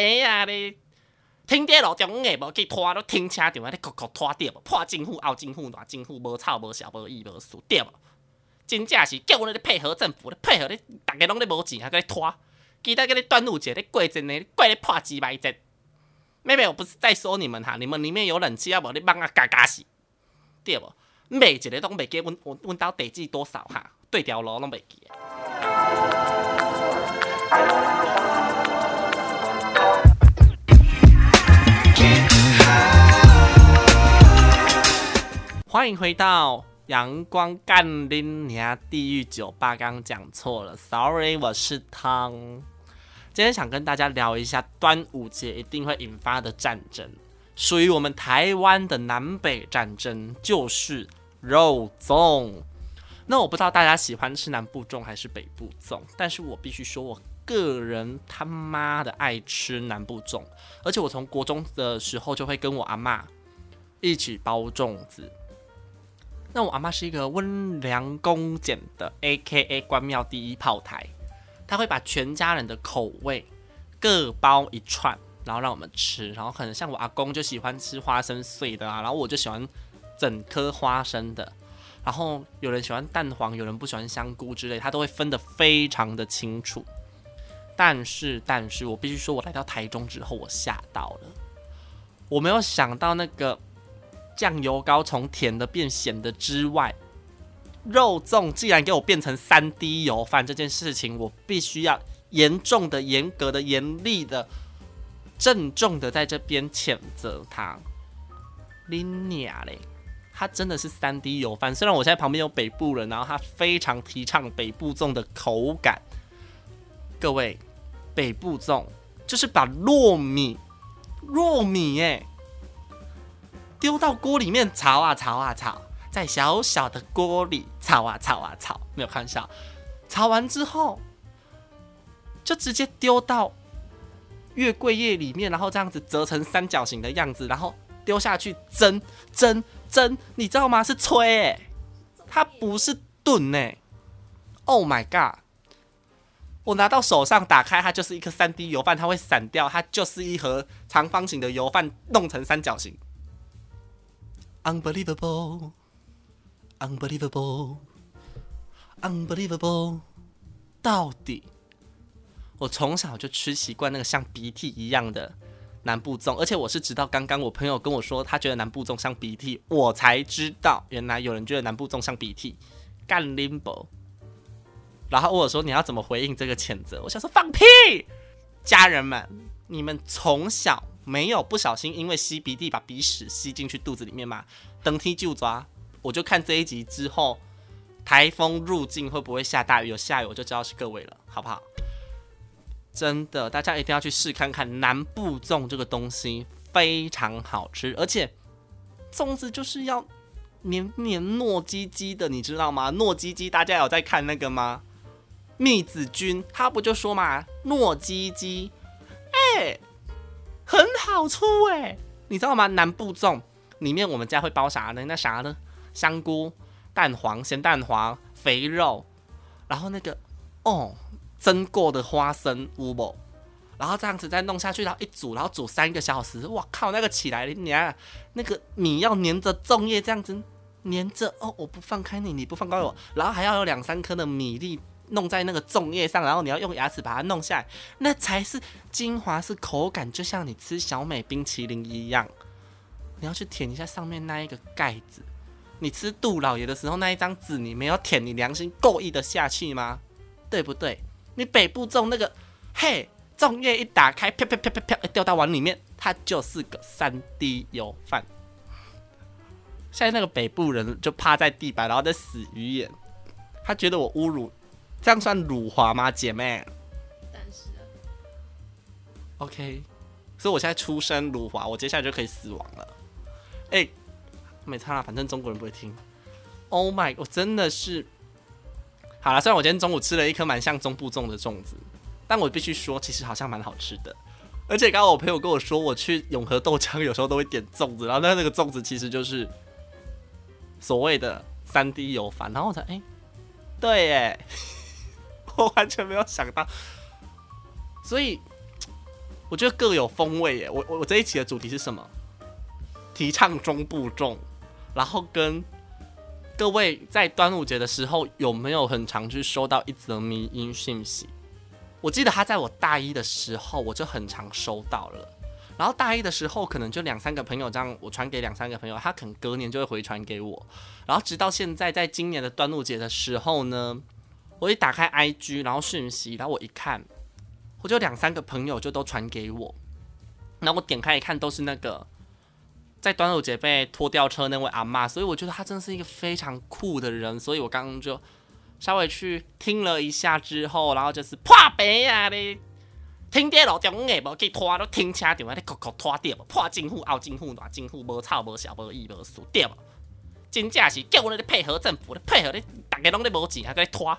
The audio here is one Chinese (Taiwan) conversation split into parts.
別啊，你停電路中間無去拖，咯？停車場啊咧酷酷拖着無？破政府拗政府，亂政府，無操無肖，無義無數，對無？真正是叫阮咧配合政府咧配合咧，逐個攏咧無錢啊，擱咧拖，其他擱咧斷路者，咧過節的過咧破雞掰粽。妹妹，我不是在說你們哈、啊，你們裡面有冷氣啊無？你蠓仔咬咬死對無？每一個攏未記阮阮阮兜地址多少哈、啊？對條路攏未記。歡迎回到陽光乾冰你亞地獄酒吧。剛講錯了，sorry，我是湯。今天想跟大家聊一下端午節一定會引發的戰爭，屬於我們台灣的南北戰爭，就是肉粽。那我不知道大家喜歡吃南部粽還是北部粽，但是我必須說我個人他媽的愛吃南部粽，而且我從國中的時候就會跟我阿嬤一起包粽子。那我阿媽是一個溫良恭儉的，A.K.A. 關廟第一炮台，他會把全家人的口味各包一串，然後讓我們吃，然後可能像我阿公就喜歡吃花生碎的啊，然後我就喜歡整顆花生的，然後有人喜歡蛋黃，有人不喜歡香菇之類，他都會分得非常的清楚。但是，但是我必須說，我來到台中之後，我嚇到了，我沒有想到那個。醬油膏從甜的變鹹的之外，肉粽既然給我變成 3D 油飯，這件事情，我必須要嚴重的、嚴格的、嚴厲的、鄭重的在這邊譴責他。恁娘勒，它真的是 3D 油飯。雖然我現在旁邊有北部人，然後他非常提倡北部粽的口感。各位，北部粽就是把糯米，糯米哎，丟到鍋裡面炒啊炒啊炒，在小小的鍋裡炒啊炒啊炒。沒有開玩笑，炒完之後就直接丟到月桂葉裡面，然後這樣子折成三角形的樣子，然後丟下去蒸蒸蒸。你知道嗎？是吹、欸，它不是燉呢、欸。Oh my god！我拿到手上打開它，就是一顆 3D 油飯，它會散掉。它就是一盒長方形的油飯，弄成三角形。Unbelievable, unbelievable, unbelievable. 到底，我從小就吃習慣那個像鼻涕一樣的南部粽，而且我是直到剛剛我朋友跟我說他覺得南部粽像鼻涕，我才知道原來有人覺得南部粽像鼻涕。幹林北，然後我說，你要怎麼回應這個譴責？我想說放屁，家人們，你們從小。沒有不小心因為吸鼻涕把鼻屎吸進去肚子裡面嘛？登梯就抓，我就看這一集之後，台風入境會不會下大雨？有下雨我就知道是各位了，好不好？真的，大家一定要去試看看南部粽這個東西非常好吃，而且粽子就是要黏黏糯嘰嘰的，你知道嗎？糯嘰嘰，大家有在看那個嗎？蜜子君他不就說嘛，糯嘰嘰，哎。很好出誒、欸，你知道嗎？南部粽裡面我們家會包啥呢？那啥呢？香菇、蛋黃、鹹蛋黃、肥肉，然後那個哦，蒸過的花生烏姆，然後這樣子再弄下去，然後一煮，然後煮三個小時。哇靠，那個起來你啊，那個米要粘着粽葉，這樣子粘着哦，我不放開你，你不放開我，然後還要有兩三顆的米粒。弄在那個粽葉上，然後你要用牙齒把它弄下來，那才是精華，是口感，就像你吃小美冰淇淋一樣。你要去舔一下上面那一個蓋子。你吃杜老爺的時候那一張紙，你沒有舔，你良心過意得下去嗎？對不對？你北部粽那個，嘿，粽葉一打開，啪啪啪啪啪、啪，哎、欸，掉到碗裡面，它就是個 3D 油飯。現在那個北部人就趴在地板，然後在死魚眼，他覺得我侮辱。這樣算辱華嗎，姐妹？但是，啊，OK，所以我現在出生辱華，我接下來就可以死亡了。誒、欸，沒差啦，反正中國人不會聽。Oh my god，我真的是好了。雖然我今天中午吃了一顆蠻像中部粽的粽子，但我必須說，其實好像蠻好吃的。而且剛剛我朋友跟我說，我去永和豆漿有時候都會點粽子，然後但那個粽子其實就是所謂的 3D 油飯，然後我才誒、欸，對耶。 我完全沒有想到，所以我覺得各有風味耶我。我我我這一期的主題是什麼？提倡中部粽，然後跟各位在端午節的時候有沒有很常去收到一則迷因訊息？我記得他在我大一的時候我就很常收到了，然後大一的時候可能就兩三個朋友這樣，我傳給兩三個朋友，他可能隔年就會回傳給我，然後直到現在，在今年的端午節的時候呢。我一打開 IG，然後訊息，然後我一看，我就兩三個朋友就都傳給我，然後我點開一看，都是那個在端午節被拖吊車那位阿嬤，所以我覺得她真的是一個非常酷的人。所以我剛剛就稍微去聽了一下之後，然後就是破白啊哩，停在路中央，無去拖到停車場，你扣扣拖掉，破金戶、拗金戶、軟金戶，無操、無潲、無醫、無輸，對無？真正是叫你配合政府，配合你，大家攏在無錢，還跟你拖。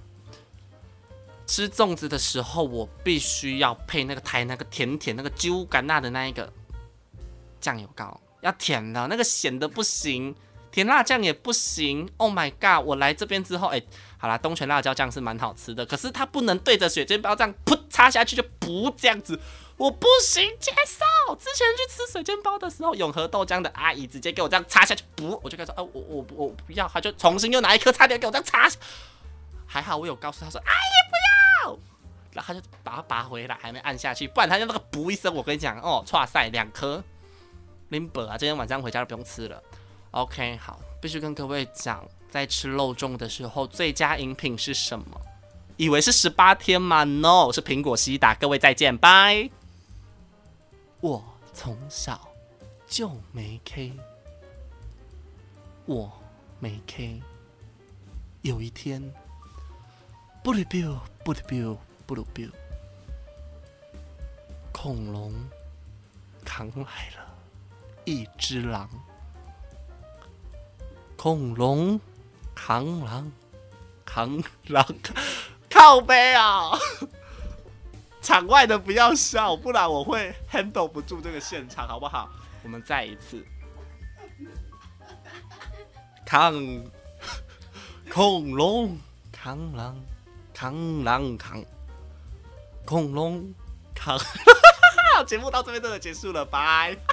吃粽子的時候，我必須要配那個台那個甜甜那個椒甘辣的那一個醬油膏，要甜的，那個鹹的不行，甜辣醬也不行。Oh my god！我來這邊之後，哎、欸，好啦，東泉辣椒醬是蠻好吃的，可是它不能對着水煎包這樣噗擦下去，就不這樣子，我不行接受。之前去吃水煎包的時候，永和豆漿的阿姨直接給我這樣擦下去，不，我就開始哦、啊，我我我不要，她就重新又拿一顆差點給我這樣擦。還好我有告訴她說，哎、啊、呀。然後他就把它拔回來，還沒按下去，不然他就那個噗一聲。我跟你講哦，差賽兩顆林北啊，今天晚上回家就不用吃了。OK，好，必須跟各位講，在吃肉粽的時候，最佳飲品是什麼？以為是十八天嗎？No，是蘋果西打。各位再見，拜拜。我從小就沒 K，我沒 K。有一天，不離不離不離不離。恐龍扛來了，一隻狼。恐龍扛狼，扛狼，扛狼靠背啊！場外的不要笑，不然我會 handle 不住這個現場，好不好？我們再一次扛恐龍扛狼扛狼扛。恐龍扛，哈哈哈，節目到這邊就結束了，拜拜。